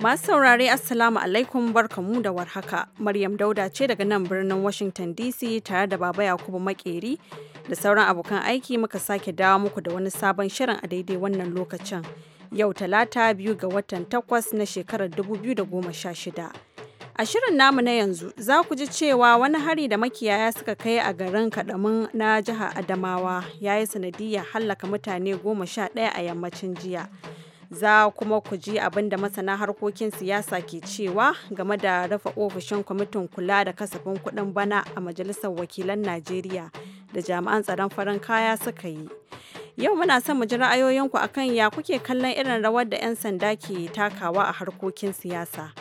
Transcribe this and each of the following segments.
Masu saurare Assalamu alaikum barkamu da warhaka. Maryam Dauda ce daga nan birnin Washington DC tare da Baba Yakubu Makeri da sauran abokan aiki muka sake dawo muku da wani sabon shirin a daidai wannan lokacin. Yau talata biyu ga watan takwas na shekarar 2016. A shirin namu na yanzu za ku ji cewa wani hari da makiyaya suka kai a garin Kaɗamin na jihar Adamawa ya yi sanadiyar hallaka mutane goma sha ɗaya a yammacin jiya. za kuma ku ji abin da masana harkokin siyasa ke cewa game da rufe ofishin kwamitin kula da kasafin kuɗin bana a majalisar wakilan najeriya da jami'an tsaron farin kaya suka yi yau muna son mu ji ra'ayoyinku akan ya kuke kallon irin rawar da 'yan sanda ke takawa a harkokin siyasa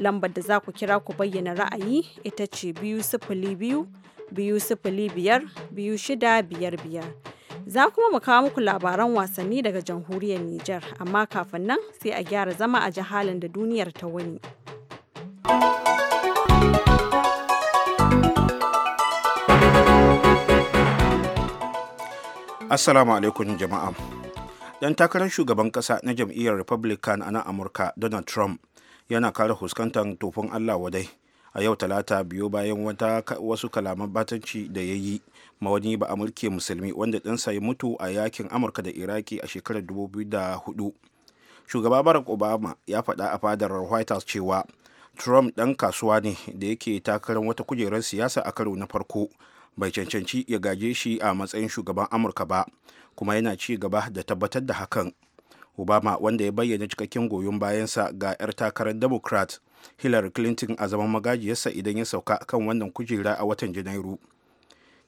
lambar da za ku kira ku bayyana ra'ayi ita ce biyu sifili biyu biyu sifili biyar biyu shida biyar biyar Za kuma mu kawo muku labaran wasanni daga jamhuriyar Nijar, amma kafin nan sai a gyara zama a jihalin da duniyar ta wani. Assalamu alaikum jama'a. Dan takarar shugaban kasa na jam'iyyar Republican a nan Amurka, Donald Trump, yana kare fuskantar tofin Allah wadai. a yau talata biyo bayan wata wasu kalaman batanci da ya yi ma wani ba mulke musulmi wanda ɗansa ya mutu a yakin amurka da iraki a shekarar 2004 shugaba barack obama ya faɗa a fadar white house cewa trump ɗan kasuwa ne da yake takarar wata kujerar siyasa a karo na farko bai cancanci ya gaje shi a matsayin shugaban amurka ba kuma yana ci gaba da tabbatar da hakan obama wanda ya bayyana cikakken goyon bayansa ga 'yar takarar democrat hillary clinton a zaman magajiyarsa idan ya sauka kan wannan kujera a watan janairu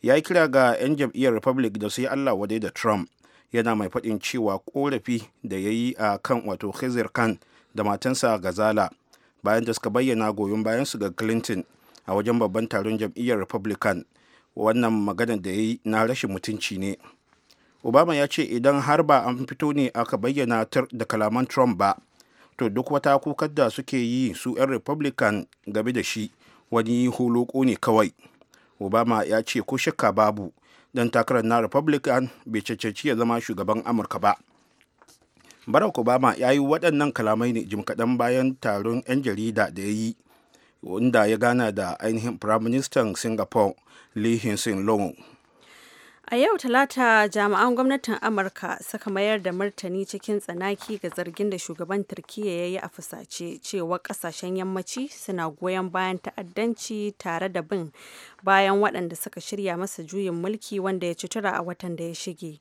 ya yi kira ga 'yan jam'iyyar republic da su yi allah wadai da trump yana mai faɗin cewa korafi da ya yi a kan wato khizir khan da matansa gazala bayan da suka bayyana goyon bayansu ga clinton a wajen babban taron jam'iyyar republican wannan maganar da ya yi na rashin mutunci ne obama ya ce idan har ba an fito ne aka bayyana da kalaman trump ba to duk wata kukar da suke yi su 'yan republican game da shi wani holoko ne kawai obama ya ce ko shakka babu don takarar na republican bai cancanci ya zama shugaban amurka ba barak obama ya yi waɗannan kalamai ne jim kaɗan bayan taron 'yan jarida da ya yi wanda ya gana da ainihin prime minister singapore lee hsien loong A yau Talata jami'an gwamnatin Amurka suka mayar da martani cikin tsanaki ga zargin da shugaban Turkiyya ya yi a fusace cewa kasashen yammaci suna goyon bayan ta'addanci tare da bin bayan waɗanda suka shirya masa juyin mulki wanda ya ci tura a watan da ya shige.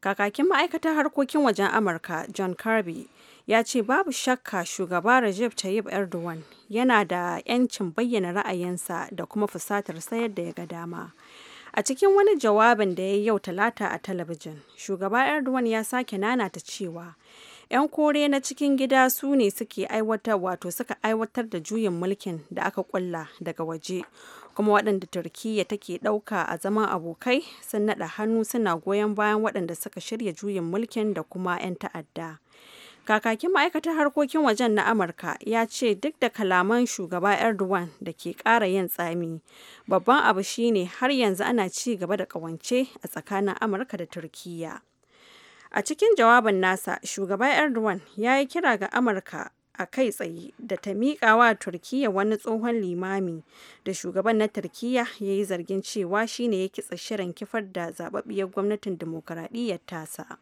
Kakakin ma'aikatar harkokin wajen Amurka John Kirby ya ce babu shakka shugaba Recep Tayyip Erdogan yana da 'yancin bayyana ra'ayinsa da kuma fusatar sayar da ya ga dama. A cikin wani jawabin da ya yi yau Talata a talabijin, shugaba Erdogan ya sake nanata cewa 'yan kore na cikin gida su ne suke aiwatar wato suka aiwatar da juyin mulkin da aka kulla daga waje kuma waɗanda turkiyya take ɗauka a zaman abokai sun naɗa hannu suna goyon bayan waɗanda suka shirya juyin mulkin da kuma 'yan ta'adda Kakakin ma'aikatar harkokin wajen na Amurka ya ce duk da kalaman shugaba Erdogan da ke kara yin tsami, babban abu shine har yanzu ana ci gaba da ƙawance a tsakanin Amurka da Turkiyya. A cikin jawabin nasa, shugaba Erdogan ya yi kira ga Amurka a kai tsaye da ta miƙa wa Turkiyya wani tsohon limami da shugaban na Turkiyya ya yi zargin cewa shine ya kitsa shirin kifar da zababbiyar gwamnatin dimokuraɗiyyar tasa.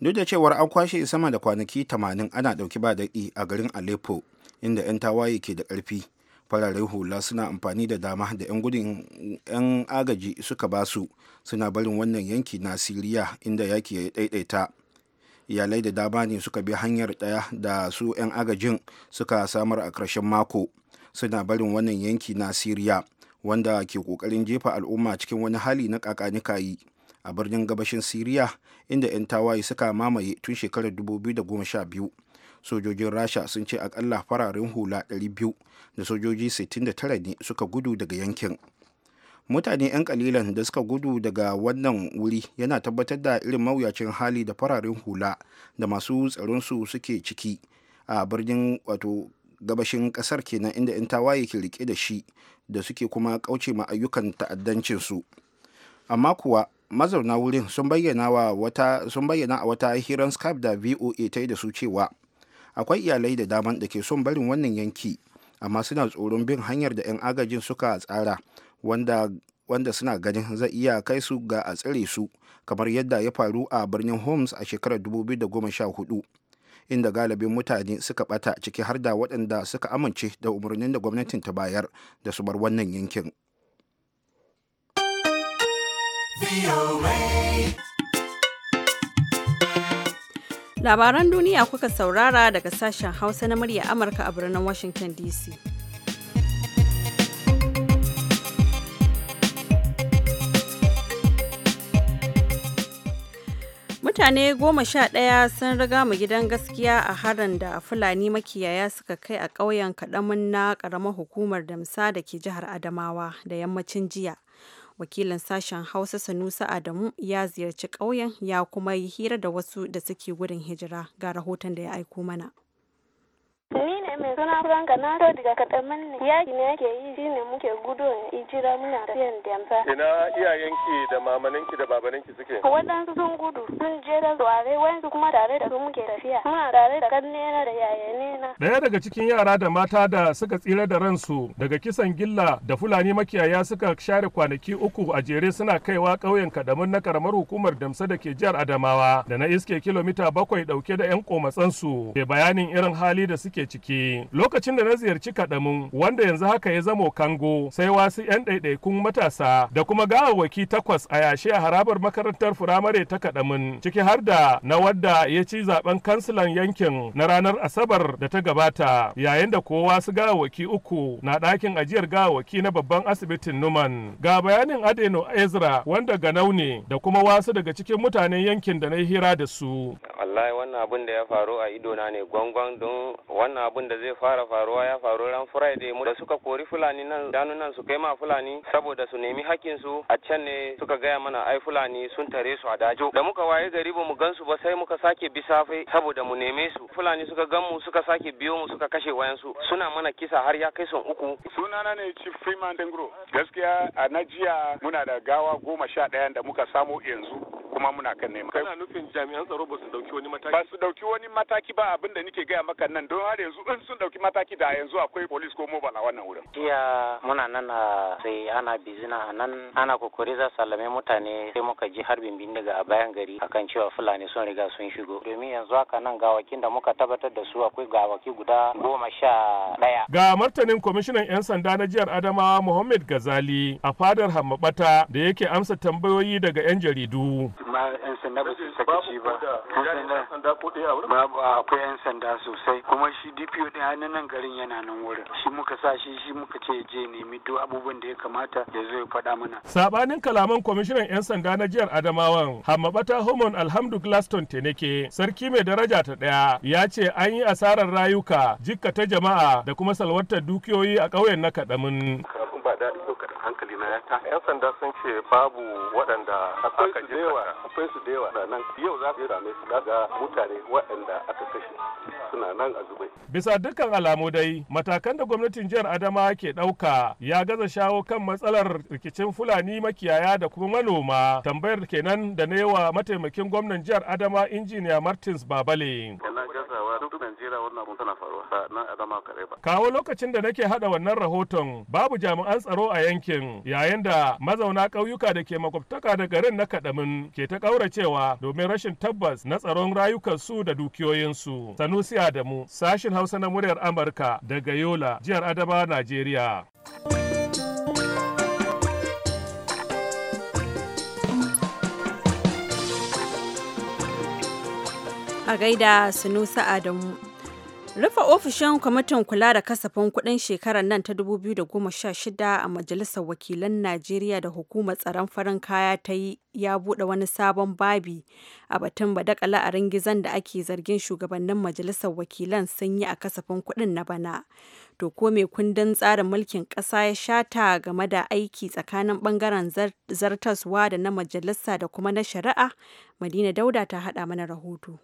duk da cewar an kwashe sama da kwanaki 80 ana dauki ba daɗi a garin aleppo inda 'yan tawaye ke da ƙarfi fararen hula suna amfani da dama da 'yan gudun 'yan agaji suka ba su suna barin wannan yanki na siriya inda yaki ya ɗaiɗaita iyalai da dama ne suka bi hanyar ɗaya da su 'yan agajin suka samar a ƙarshen mako suna barin wannan yanki na siriya wanda ke ƙoƙarin jefa al'umma cikin wani hali na kakanikayi a birnin gabashin siriya inda 'yan tawaye suka mamaye tun shekarar 2012 sojojin rasha sun ce akalla fararen hula 200 da sojoji 69 ne suka gudu daga yankin mutane 'yan kalilan da suka gudu daga wannan wuri yana tabbatar da irin mawuyacin hali da fararen hula da masu tsaronsu suke ciki a birnin wato gabashin kasar kenan inda 'yan tawaye ke rike da shi da suke kuma kauce ma ayyukan ta'addancinsu amma kuwa mazauna wurin sun bayyana a wata hirar skype da voa ta yi da su cewa akwai iyalai da daman da ke son barin wannan yanki amma suna tsoron bin hanyar da 'yan agajin suka tsara wanda wanda suna ganin zai iya kai su ga a tsare su kamar yadda ya faru a birnin homs a shekarar 2014 inda galibin mutane suka bata ciki har da waɗanda suka amince da umarnin da gwamnatin ta bayar da su bar wannan yankin. Labaran duniya kuka saurara daga sashen Hausa na murya Amurka a birnin Washington DC. mutane goma sha ɗaya sun riga mu gidan gaskiya a harin da fulani makiyaya suka kai a ƙauyen kaɗamin na ƙaramar hukumar damsa da ke jihar adamawa da yammacin jiya wakilin sashen hausa sanusa adamu ya ziyarci ƙauyen ya kuma yi hira da wasu da suke gudun hijira ga rahoton da ya aiko mana mai suna Franka na to daga kaɗamin ne yaki ne yake yi shine muke gudu ne jira muna tafiyan damsa. Ina iyayenki da mamaninki da babaninki suke? Waɗansu sun gudu sun je da zuware wayansu kuma tare da su muke tafiya muna tare da kannena da yayanena. Ɗaya daga cikin yara da mata da suka tsira da ransu daga kisan gilla da Fulani makiyaya suka share kwanaki uku a jere suna kaiwa ƙauyen kadamun na karamar hukumar damsa da ke jihar Adamawa da na iske kilomita bakwai ɗauke da 'yan komatsansu ke bayanin irin hali da suke ciki. Lokacin da na ziyarci kaɗamin wanda yanzu haka ya zamo kango sai wasu 'yan ɗaiɗaikun matasa da kuma gawawwaki takwas a yashe a harabar makarantar firamare ta kaɗamin ciki har da na wadda ya ci zaben kansilan yankin na ranar Asabar da ta gabata yayin da kowa su gawawwaki uku na ɗakin ajiyar gawawwaki na babban asibitin Numan. Ga bayanin Adeno Ezra wanda ganau ne da kuma wasu daga cikin mutanen yankin da na yi hira da su. wallahi wannan abin da ya faru a idona ne gwangwan don wannan abin da zai fara faruwa ya faru ran friday mu da suka kori fulani nan danu nan su kai ma fulani saboda su nemi hakkin su a can ne suka gaya mana ai fulani sun tare su a dajo da muka waye gari ba mu gan su ba sai muka sake bi safe saboda mu neme su fulani suka gan mu suka sake biyo mu suka kashe wayansu suna mana kisa har ya kai son uku sunana ne chief freeman dengro gaskiya a najiya muna da gawa goma sha ɗaya da muka samu yanzu kuma muna kan nema. Kana nufin jami'an tsaro ba su dauki wani mataki? Ba su dauki wani mataki ba abin da nike gaya maka nan don har yanzu in sun dauki mataki da yanzu akwai polis ko mobile a wannan wurin. Jiya muna nan a sai ana bizina a nan ana kokari za salame mutane sai muka ji harbin bindiga a bayan gari akan cewa Fulani sun riga sun shigo. Domin yanzu haka nan gawakin da muka tabbatar da su akwai gawaki guda goma sha ɗaya. Ga martanin kwamishinan 'yan sanda na jihar Adamawa Muhammad Gazali a fadar Hammabata da yake amsa tambayoyi daga 'yan jaridu. amma yan sanda ba su shi ba akwai yan sanda sosai kuma shi DPO din hannun nan garin yana nan wurin shi muka sa shi shi muka ce je nemi duk abubuwan da ya kamata ya zo ya faɗa mana sabanin kalaman kwamishinan yan sanda na jihar Adamawan Hammabata Homon Alhamdu Glaston Teneke sarki mai daraja ta ɗaya, ya ce an yi asarar rayuka jikka ta jama'a da kuma salwantar dukiyoyi a ƙauyen na Kadamin yan sanda sun ce babu waɗanda aka ji akwai su da yawa nan yau za su same su daga mutane waɗanda aka kashe suna nan a zubai bisa dukkan alamu dai matakan da gwamnatin jihar adama ke ɗauka ya gaza shawo kan matsalar rikicin fulani makiyaya da kuma manoma tambayar kenan da na yawa mataimakin gwamnan jihar adama injiniya martins babale duk Najeriya wannan abun tana faruwa a zama kare ba. Kawo lokacin da nake haɗa wannan rahoton babu jami'an tsaro a yankin yayin da mazauna ƙauyuka da ke makwabtaka da garin na kaɗamin ke ta ƙauracewa domin rashin tabbas na tsaron rayukan su da dukiyoyinsu. Sanusi Adamu, sashin Hausa na muryar Amurka daga Yola, jihar Adama, Najeriya. a gaida Sunusa Adamu. Rufe ofishin kwamitin kula da kasafin kuɗin shekarar nan ta 2016 a Majalisar Wakilan Najeriya da Hukumar Tsaron Farin Kaya ta yi ya buɗe wani sabon babi a batun badakala a gizan da ake zargin shugabannin Majalisar Wakilan sun yi a kasafin kuɗin na bana. To ko mai kundin tsarin mulkin ƙasa ya shata game da aiki tsakanin bangaren zartaswa da na majalisa da kuma na shari'a? Madina Dauda ta haɗa mana rahoto.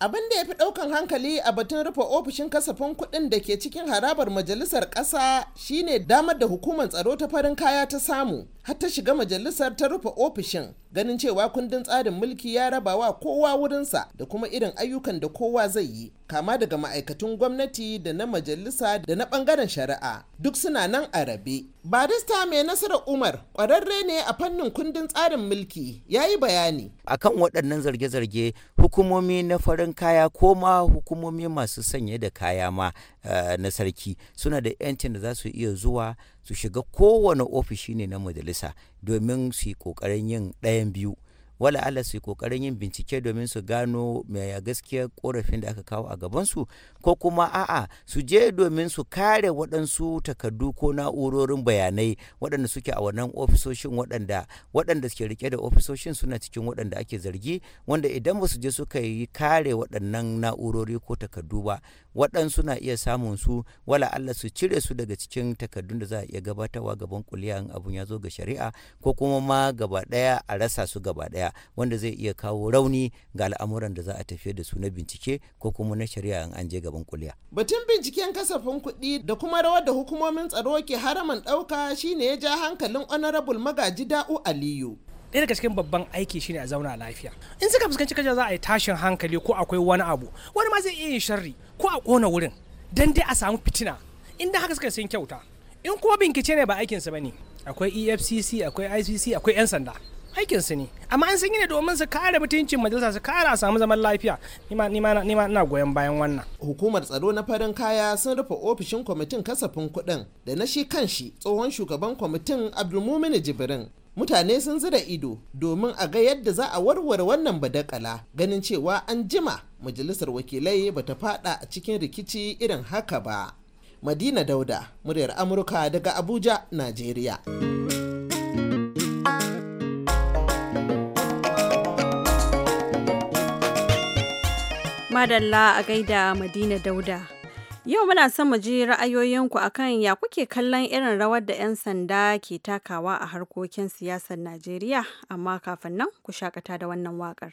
abin da ya fi ɗaukan hankali a batun rufe ofishin kasafin kuɗin da ke cikin harabar majalisar ƙasa shine damar da hukumar tsaro ta farin kaya ta samu har ta shiga majalisar ta rufe ofishin ganin cewa kundin tsarin mulki ya raba wa kowa wurinsa da kuma irin ayyukan da kowa zai yi kama daga ma'aikatun gwamnati da na majalisa da na bangaren shari'a duk suna nan a rabe barista mai nasarar umar kwararre ne a fannin kundin tsarin mulki ya yi bayani akan waɗannan zarge-zarge hukumomi na farin kaya ko ma hukumomi masu sanye da kaya ma Eh, na sarki suna da 'yancin da za su iya zuwa su shiga kowane ofishi ne na majalisa domin su yi ƙoƙarin yin ɗayan biyu wala ala su yi kokarin yin bincike domin su gano mai gaskiya korafin da aka kawo a gabansu ko kuma a'a su je domin su kare waɗansu takardu ko na'urorin bayanai waɗanda suke a wannan ofisoshin waɗanda waɗanda suke rike da ofisoshin suna cikin waɗanda ake zargi wanda idan ba su je suka yi kare waɗannan na'urori ko takardu ba waɗansu suna iya samun su wala Allah su cire su daga cikin takardun da za a iya gabatarwa gaban kuliya in abun ya zo ga shari'a ko kuma ma gaba ɗaya a rasa su gaba ɗaya ɗaya wanda zai iya kawo rauni ga al'amuran da za a tafiyar da su na bincike ko kuma na shari'a in an je gaban kuliya. Batun binciken kasafin kuɗi da kuma rawar da hukumomin tsaro ke haraman ɗauka shine ya ja hankalin honorable magaji da'u aliyu. ɗaya daga cikin babban aiki shine a zauna lafiya in suka fuskanci kaja za a yi tashin hankali ko akwai wani abu wani ma zai iya yin sharri ko a kona wurin dan dai a samu fitina in da haka suka san kyauta in kuma bincike ne ba aikinsa ba ne akwai efcc akwai icc akwai 'yan sanda aikin su ne amma an san ne domin su kare mutuncin majalisa su kare samu zaman lafiya ni ma ina goyon bayan wannan hukumar tsaro na farin kaya sun rufe ofishin kwamitin kasafin kuɗin da na shi kan shi tsohon shugaban kwamitin abdulmumin jibrin mutane sun zira ido domin a ga yadda za a warware wannan badakala ganin cewa an jima majalisar wakilai bata fada a cikin rikici irin haka ba madina dauda muryar amurka daga abuja najeriya Madalla a gaida Madina Dauda. Yau muna son mu ji ra'ayoyinku akan ya kuke kallon irin rawar da 'yan sanda ke takawa a harkokin siyasar Najeriya, amma kafin nan ku shakata da wannan waƙar.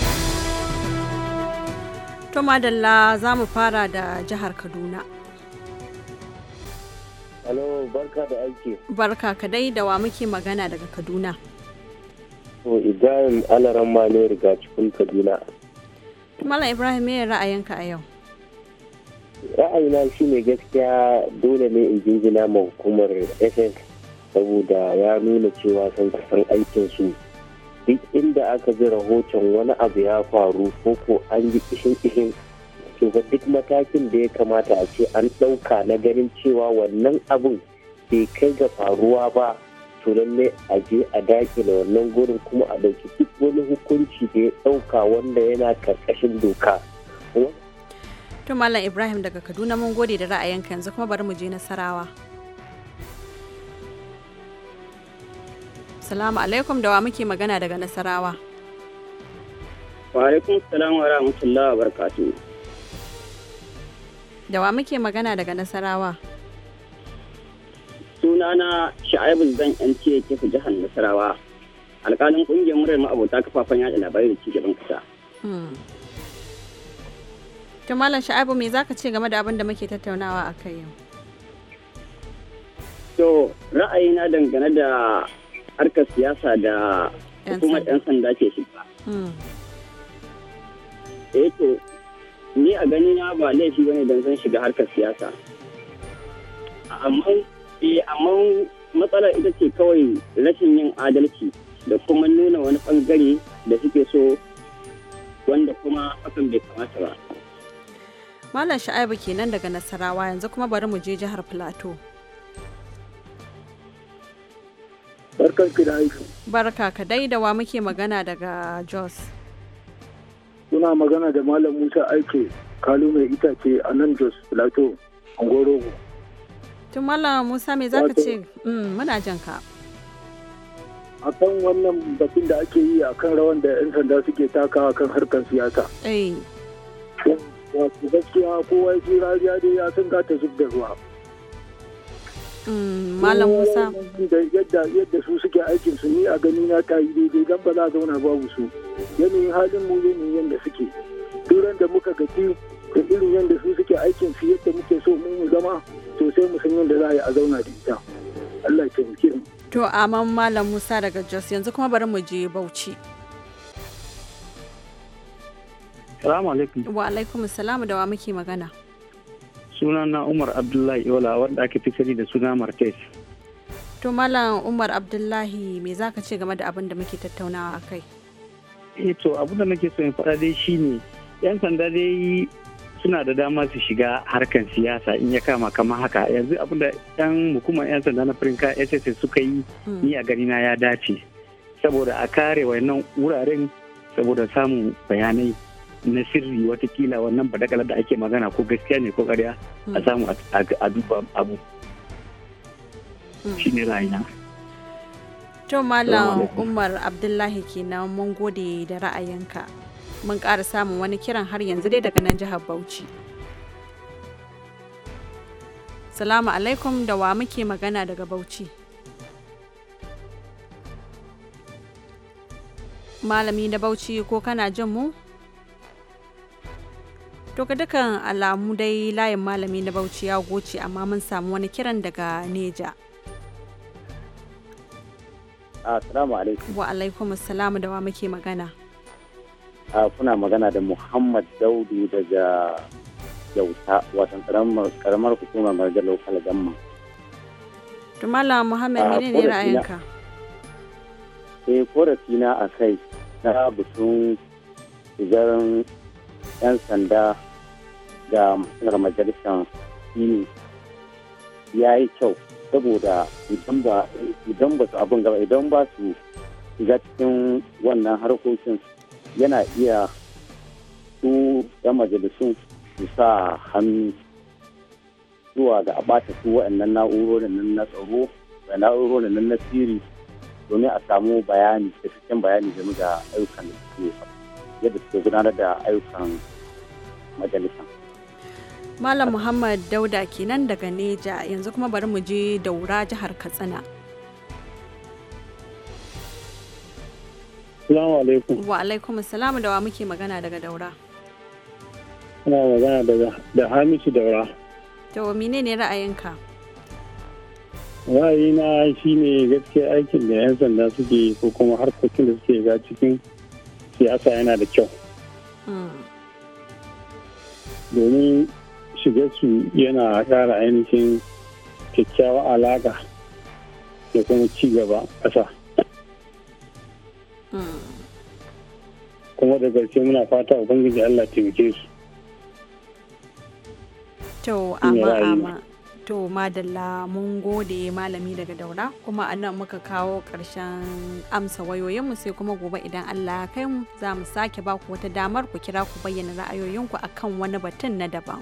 to madalla za mu fara da jihar kaduna Halo, barka da aiki. Barka kadai da wa muke magana daga Kaduna. To, Ibrahim Alaramma ne riga cikin Kaduna. Mala Ibrahim me ra'ayinka a yau? Ra'ayina shi ne gaskiya dole ne in jinjina ma hukumar saboda ya nuna cewa sun kasan aikinsu. aikin su. duk inda aka ji rahoton wani abu ya faru ko ko an yi kishin kishin to ba duk matakin da ya kamata a ce an ɗauka na ganin cewa wannan abun bai kai ga faruwa ba to lallai a je a daki da wannan gurin kuma a ɗauki duk wani hukunci da ya ɗauka wanda yana karkashin doka. To mallam Ibrahim daga Kaduna mun gode da ra'ayinka yanzu kuma bari mu je Nasarawa. Assalamu alaikum da wa muke magana daga Nasarawa. Wa alaikum salam wa rahmatullahi wa barakatuh. Da wa muke magana daga Nasarawa. Sunana Sha'ibu zan yan ce ke jihar Nasarawa. Alƙalin ƙungiyar murar ma'abota kafafen yaɗa labarai da cigaban kasa. Hmm. To Malam Sha'ibu me zaka ce game da abin da muke tattaunawa a kai yau? To ra'ayina dangane da harkar siyasa da hukumar 'yan sanda ke shiga. Hmm. Eh to, ni a gani na ba laifi bane don zan shiga harkar siyasa. Amma eh, amma matsalar ita ce kawai rashin yin adalci da kuma nuna wani bangare da suke so wanda kuma hakan bai kamata ba. Malam Sha'aibu kenan daga Nasarawa yanzu kuma bari mu je jihar Plateau. Barkan ki da aiki. Barka ka dai da wa muke magana daga Jos. Kuna magana da Malam Musa Aike kalu mai itace a nan Jos Plato Angorogo. Tun Malam Musa me zaka ce? Mm, muna jan ka. A kan wannan batun da ake yi a kan rawan da 'yan sanda suke takawa kan harkar siyasa. Eh. Wato gaskiya kowa ya ji rariya dai ya san ta zub da ruwa. Mm, Malam Musa. Yadda yadda su suke aikin su ni a gani na ta yi daidai dan ba za a zauna babu su. Yanayin halin mu yanayin yadda suke. Duran da muka gaci da irin yadda su suke aikin su yadda muke so mu mu zama to sai mu san yadda za a yi a zauna da ita. Allah ya taimake mu. To aman Malam Musa daga Jos yanzu kuma bari mu je Bauchi. Salamu alaikum. Wa alaikum salam da wa muke magana. suna na umar abdullahi iwala wanda ake fi sani da suna martes to malam umar abdullahi me za ka ce game da abin da muke tattaunawa a kai e to abin da nake so in faɗa dai shine yan sanda dai suna da dama su shiga harkan siyasa in ya kama kama haka yanzu abin da yan hukumar yan sanda na firinka sss suka yi hmm. ni a gani na ya dace saboda a kare wayannan wuraren saboda samun bayanai na sirri watakila wannan badakalar da ake magana ko gaskiya ne ko ƙarya a hmm. samu a duba abu hmm. shi ne ra'ayina to malam umar abdullahi kenan mun gode da ra'ayinka mun ƙara samun wani kiran har yanzu dai daga nan jihar bauchi salamu alaikum da wa muke magana daga bauchi malami na bauchi ko kana jin mu To ga dukan alamu dai layin malami na Bauchi ya goce amma mun samu wani kiran daga Neja. Assalamu alaikum. Wa alaikum assalamu da wa muke magana. Kuna magana da Muhammad Daudu daga Yauta watan karamar hukumar Marjar Lokal Gamma. Tumala Muhammad ne ne ra'ayinka? Eh korafi na a kai na bikin zaren 'yan sanda da masanar majalisar shine ya yi kyau saboda idan ba su abin gaba idan ba su shiga cikin wannan harkokin yana iya su 'yan majalisun su sa hannu zuwa da a bata su waɗannan na'urorin nan na tsaro da na'urorin nan na siri domin a samu bayani da cikin bayani game da ayyukan da suke yadda suke gudanar da ayyukan majalisa. Malam Muhammad Dauda kenan daga Neja yanzu kuma bari mu je daura jihar Katsina. Salamu alaikum. Wa alaikum salamu da wa muke magana daga daura. Ina magana daga da Hamisu daura. To mine ne ra'ayinka? Ra'ayina shine gaske aikin da 'yan sanda suke ko kuma harkokin da suke ga cikin siyasa yana da kyau domin shiga su yana ƙara ainihin kyakkyawa alaka da kuma ci gaba ƙasa kuma da gaske muna fata ubangiji allah taimake su to amma amma to madalla mun gode malami daga daura kuma a nan muka kawo ƙarshen amsa wayoyinmu sai kuma gobe idan allah kai mu za mu sake baku wata damar ku kira ku bayyana ra'ayoyinku akan wani batun na daban.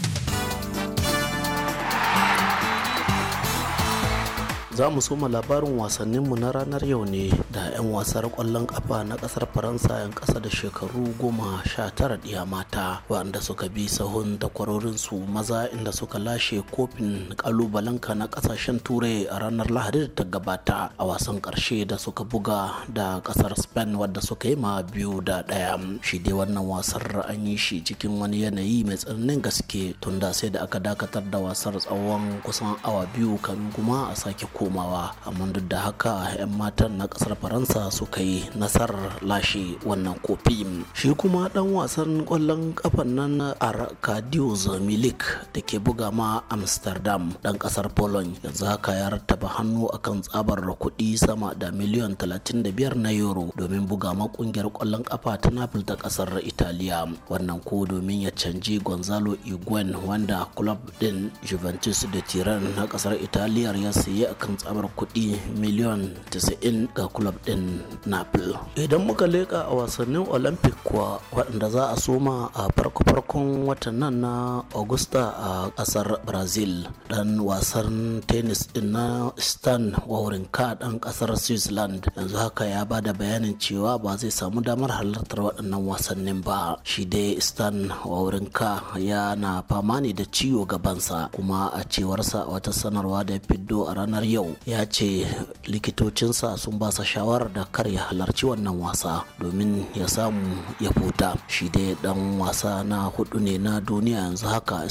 za mu soma labarin wasanninmu na ranar yau ne da 'yan wasar kwallon kafa na kasar faransa 'yan kasa da shekaru goma sha tara ɗiya mata waɗanda suka bi sahun takwarorinsu maza inda suka lashe kofin kalubalenka na kasashen turai a ranar lahadi da ta gabata a wasan ƙarshe da suka buga da kasar spain wadda suka yi ma biyu da ɗaya shi dai wannan wasar an yi shi cikin wani yanayi mai tsananin gaske tunda sai da aka dakatar da wasar tsawon kusan awa biyu kan kuma a sake komawa amma duk da haka 'yan matan na kasar faransa suka yi nasarar lashe wannan kofi shi kuma dan wasan kwallon kafan nan arkadiusz milik da ke buga ma amsterdam dan kasar poland yanzu haka ya rattaba hannu akan tsabar kuɗi sama da miliyan 35 na euro domin buga ma kungiyar kwallon kafa ta napoli ta kasar italiya wannan ko domin ya canji gonzalo iguen wanda club din juventus da tiran na kasar italiya ya saye akan kan tsabar kuɗi miliyan 90 ga kulab ɗin napoli idan muka leƙa a wasannin olympic kuwa waɗanda za a soma a farko-farkon watan nan na augusta a ƙasar brazil ɗan wasan tennis ɗin na stan wawrinka ɗan ƙasar switzerland yanzu haka ya ba da bayanin cewa ba zai samu damar halartar waɗannan wasannin ba shi dai stan wawrinka yana fama ne da ciwo gabansa kuma a cewarsa wata sanarwa da ya fiddo a ranar yau yau ya ce likitocinsa sun ba sa shawarar da kar ya halarci wannan wasa domin ya samu ya futa shi dai dan wasa na hudu ne na duniya yanzu haka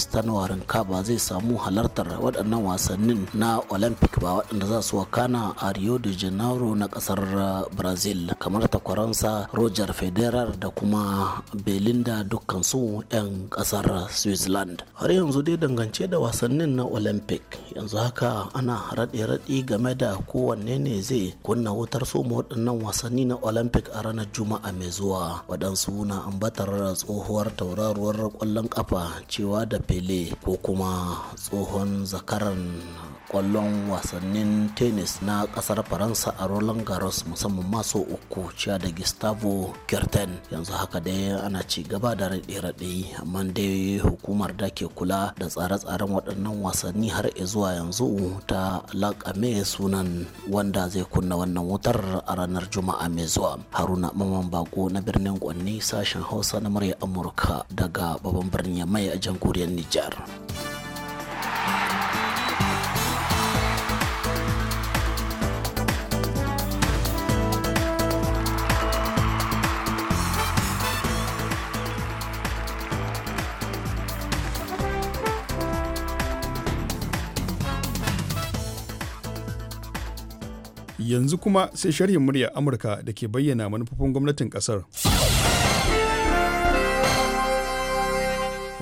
ka ba zai samu halartar waɗannan wasannin na olympic ba waɗanda za su wakana a rio de janeiro na ƙasar uh, brazil kamar takwaransa roger federer da kuma belinda dukkansu 'yan ƙasar switzerland har yanzu dai dangance da wasannin na olympic yanzu haka ana raɗe gargaɗi game da kowanne ne zai kunna wutar mu waɗannan wasanni na olympic a ranar juma'a mai zuwa waɗansu na ambatar tsohuwar tauraruwar ƙwallon ƙafa cewa da pele ko kuma tsohon zakaran kwallon wasannin tennis na kasar faransa a roland garros musamman maso uku ciya da gustavo kirten yanzu haka dai ana ci gaba da raɗe-raɗe amma dai hukumar da ke kula da tsare-tsaren waɗannan wasanni har zuwa yanzu ta lakame sunan wanda zai kunna wannan wutar a ranar juma'a mai zuwa haruna maman bako na birnin kwanni sashen hausa na murya amurka daga babban birnin mai a jamhuriyar nijar. yanzu kuma sai sharhin murya amurka da ke bayyana manufofin gwamnatin kasar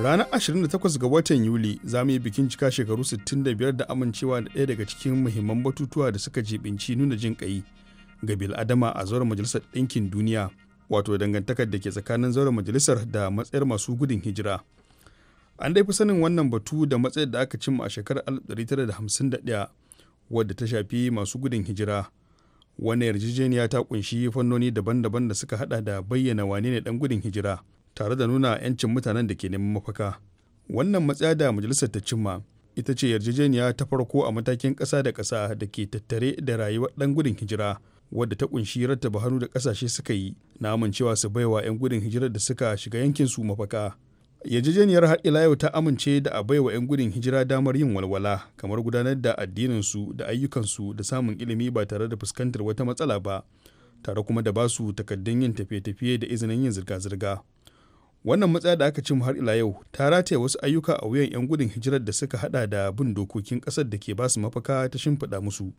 ranar 28 ga watan yuli za mu yi bikin cika shekaru 65 da amincewa da ɗaya daga cikin muhimman batutuwa da suka jibinci nuna jin ƙai ga bil'adama a zauren majalisar ɗinkin duniya wato dangantakar da ke tsakanin zauren majalisar da matsayar masu gudun hijira an dai fi sanin wannan batu da matsayar da aka cimma a shekarar 1951 wadda ta shafi masu gudun hijira wannan yarjejeniya ta kunshi fannoni daban-daban da suka hada da bayyana wane ne dan gudun hijira tare da nuna 'yancin mutanen da ke neman mafaka wannan matsaya da majalisar ta cimma ita ce yarjejeniya ta farko a matakin ƙasa da ƙasa da ke tattare da rayuwar ɗan gudun hijira wadda ta kunshi rattaba hannu da ƙasashe suka yi na amincewa su baiwa 'yan gudun hijirar da suka shiga yankin su mafaka yarjejeniyar har ila yau ta amince da a baiwa 'yan gudun hijira damar yin walwala kamar gudanar da addininsu da ayyukansu da samun ilimi ba tare da fuskantar wata matsala ba tare kuma da basu takaddun yin tafiye-tafiye da izinin yin zirga-zirga wannan matsaya da aka cim har ila yau ta rataye wasu ayyuka a wuyan 'yan gudun hijirar da suka hada da bin dokokin kasar da ke basu mafaka ta shimfiɗa musu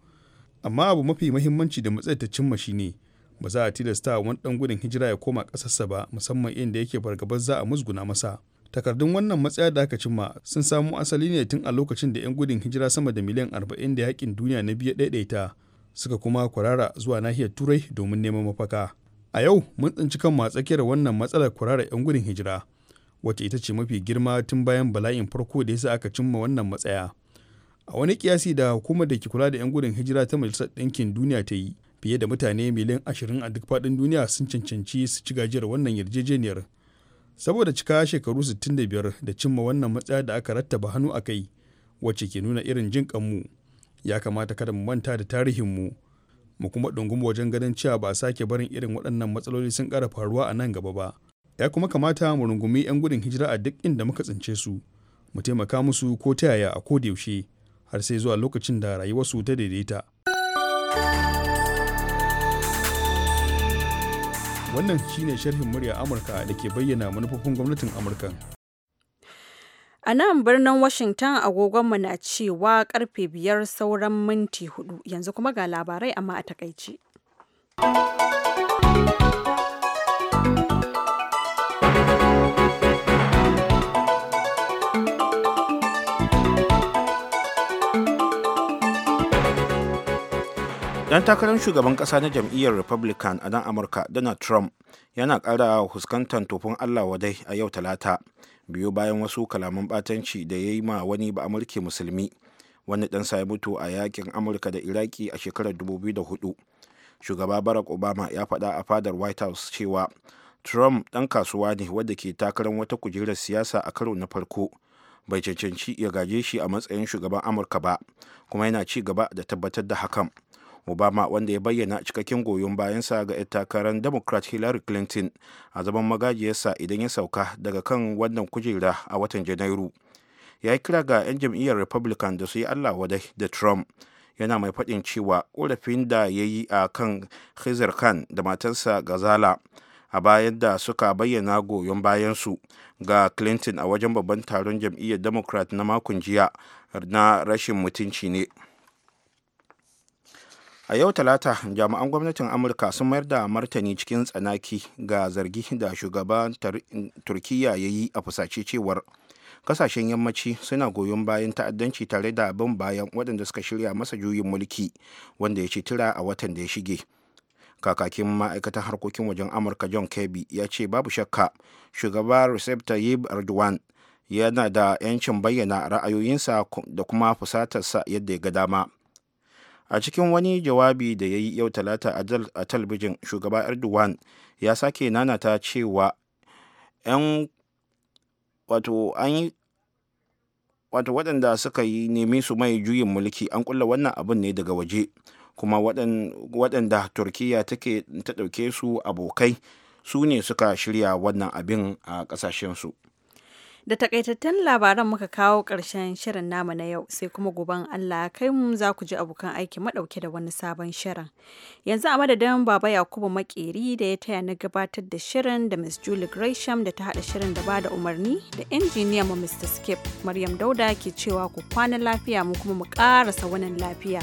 amma abu mafi mahimmanci da matsayar ta cimma shine ne ba za a tilasta wani dan gudun hijira ya koma ƙasarsa ba musamman inda yake fargabar za a musguna masa takardun wannan matsaya da aka cimma sun samo asali ne tun a lokacin da 'yan gudun hijira sama da miliyan arba'in da yakin duniya na biyu ɗaiɗaita, suka kuma kwarara zuwa nahiyar turai domin neman mafaka a yau mun tsinci kan a tsakiyar wannan matsalar kwarara 'yan gudun hijira wacce ita ce mafi girma tun bayan bala'in farko da yasa aka cimma wannan matsaya a wani kiyasi da hukumar da ke kula da 'yan gudun hijira ta majalisar ɗinkin duniya ta yi fiye da mutane miliyan ashirin a duk faɗin duniya sun cancanci su ci gajiyar wannan yarjejeniyar saboda cika shekaru 65 da cimma wannan matsaya da aka rattaba hannu a kai wacce ke nuna irin jin kanmu ya kamata kada mu manta da tarihinmu mu kuma dungumu wajen ganin cewa ba a sake barin irin waɗannan matsaloli sun ƙara faruwa a nan gaba ba ya kuma kamata mu rungumi 'yan gudun hijira a duk inda muka tsince su mu taimaka musu ko ta yaya a ko da yaushe har sai zuwa lokacin da rayuwarsu ta daidaita Wannan shine sharhin murya Amurka da ke bayyana manufofin gwamnatin Amurka. A nan birnin Washington agogonmu na cewa karfe biyar sauran minti hudu yanzu kuma ga labarai amma a takaice. dan takarar shugaban kasa na jam'iyyar republican a nan amurka donald trump yana kara fuskantar tofin allah wadai a yau talata biyu bayan wasu kalaman batanci da ya yi ma wani ba amurki musulmi wani dan sa mutu a yakin amurka da iraki a shekarar 2004 shugaba barack obama ya faɗa a fadar white house cewa trump dan kasuwa ne wadda ke takarar wata kujerar siyasa a karo na farko bai cancanci ya gaje shi a matsayin shugaban amurka ba kuma yana ci gaba da tabbatar da hakan obama wanda ya bayyana cikakken goyon bayansa ga 'yan takarar democrat hillary clinton a zaman magajiyarsa idan ya sauka daga kan wannan kujera a watan janairu ya yi kira ga 'yan jam'iyyar republican da su yi allah wadai da trump yana mai faɗin cewa ƙorafin da ya yi a kan khizar khan da matarsa gazala a bayan da suka bayyana goyon bayansu ga clinton a wajen babban taron jam'iyyar democrat na makon jiya na rashin mutunci ne. a yau talata jami'an gwamnatin amurka sun mayar da martani cikin tsanaki ga zargi da shugaban turkiya ya yi a fusace cewar kasashen yammaci suna goyon bayan ta'addanci tare da bin bayan waɗanda suka shirya masa juyin mulki wanda ya ci tura a watan da ya shige kakakin ma'aikatan harkokin wajen amurka john kirby ya ce babu shakka shugaba recep tayyip erdogan yana da 'yancin bayyana ra'ayoyinsa da kuma fusatarsa yadda ya ga dama a cikin wani jawabi da ya yi yau talata a talbijin shugaba erdogan ya sake nanata cewa 'yan wato an wato waɗanda suka yi nemi su mai juyin mulki an kulla wannan abin ne daga waje kuma waɗanda turkiya take ta ɗauke su abokai su ne suka shirya wannan abin a ƙasashensu. Da takaitattun labaran muka kawo ƙarshen shirin namu na yau sai kuma guban Allah kai mu za ku ji abokan aiki madauke da wani sabon shirin. Yanzu a madadin Baba Yakubu Makeri da ya taya na gabatar da shirin da Miss Julie Gresham da ta haɗa shirin da bada umarni da injiniya mu Mr. Skip Maryam Dauda ke cewa ku kwana lafiya mu kuma mu ƙarasa wani lafiya.